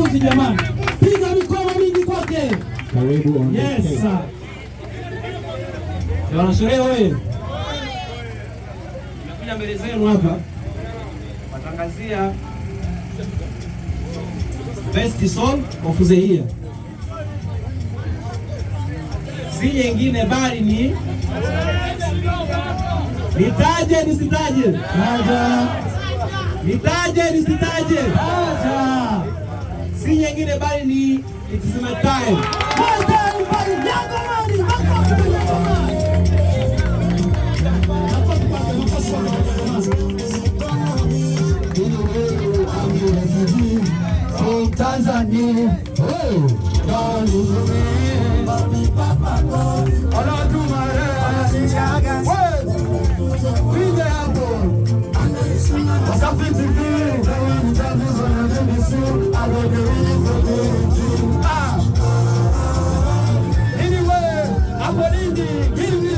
wanafunzi jamani, piga mikono mingi kwake. Yes. Wanasherehe wewe. nakuja mbele zenu hapa watangazia best song of the year, si nyingine bali ni nitaje nisitaje, nitaje nisitaje si nyingine bali ni It's my time. Tanzania, oh, Give me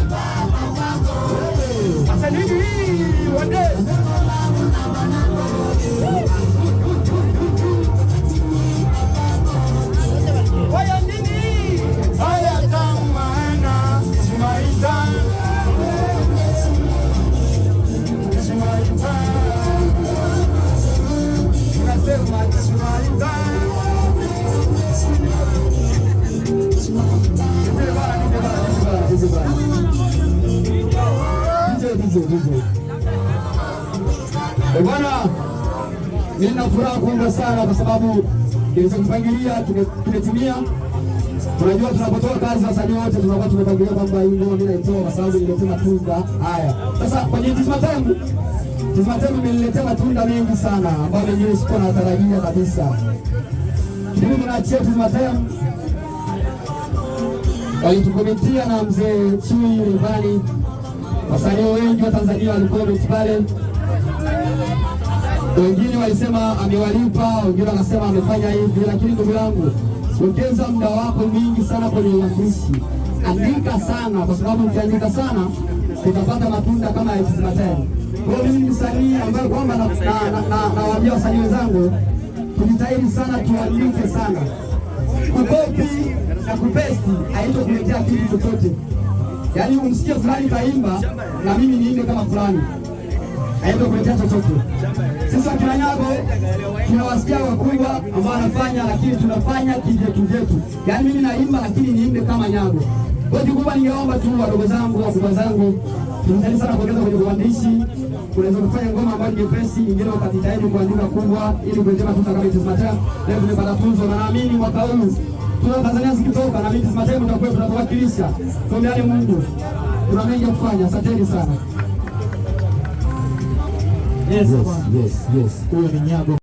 Bwana, nina furaha kubwa sana kwa sababu tulizopangilia tumetimia. Tunajua tunapotoa kazi wasanii wote tunakuwa tumepangilia kwamba hii ngoma mimi naitoa kwa sababu niletea matunda haya. Sasa kwenye Tizama Tangu, Tizama Tangu imeniletea matunda mengi sana ambayo mimi sikuwa natarajia kabisa. Mimi tunaachia Tizama Tangu walitukomitia na mzee Chui Rubani Wasanii wengi wa Tanzania walikuwa pale, wengine walisema amewalipa, wengine wanasema amefanya hivi, lakini ndugu yangu, wekeza muda wako mingi sana kwenye uandishi, andika sana, kwa sababu ukiandika sana utapata matunda kama yazimatani. Kwa mimi msanii ambaye kwamba nawaambia wasanii wenzangu, tujitahidi sana, tuandike sana. Kukopi na kupesti haitokuletea kitu chochote yaani umsikie fulani kaimba na mimi niimbe kama fulani aende kuletea chochote. Sisi Wakilanyago tunawasikia wakubwa ambao wanafanya, lakini tunafanya kivyetu vyetu, yaani mimi naimba lakini niimbe kama Nyago. Kwa kikubwa, ningeomba tu wadogo zangu wakubwa zangu tunajali sana kuongeza kwenye uandishi. Unaweza kufanya ngoma ambayo ni nyepesi, nyingine ukajitahidi kuandika kubwa, ili kuendelea kutoka kama Mata leo tumepata tuzo, na naamini mwaka huu tuna Tanzania zikitoka na binti Mataifa tutakuwa tunatuwakilisha. Tuombeane Mungu. Tuna mengi ya kufanya. Asanteni sana. Yes, yes, yes. Huyo ni nyago.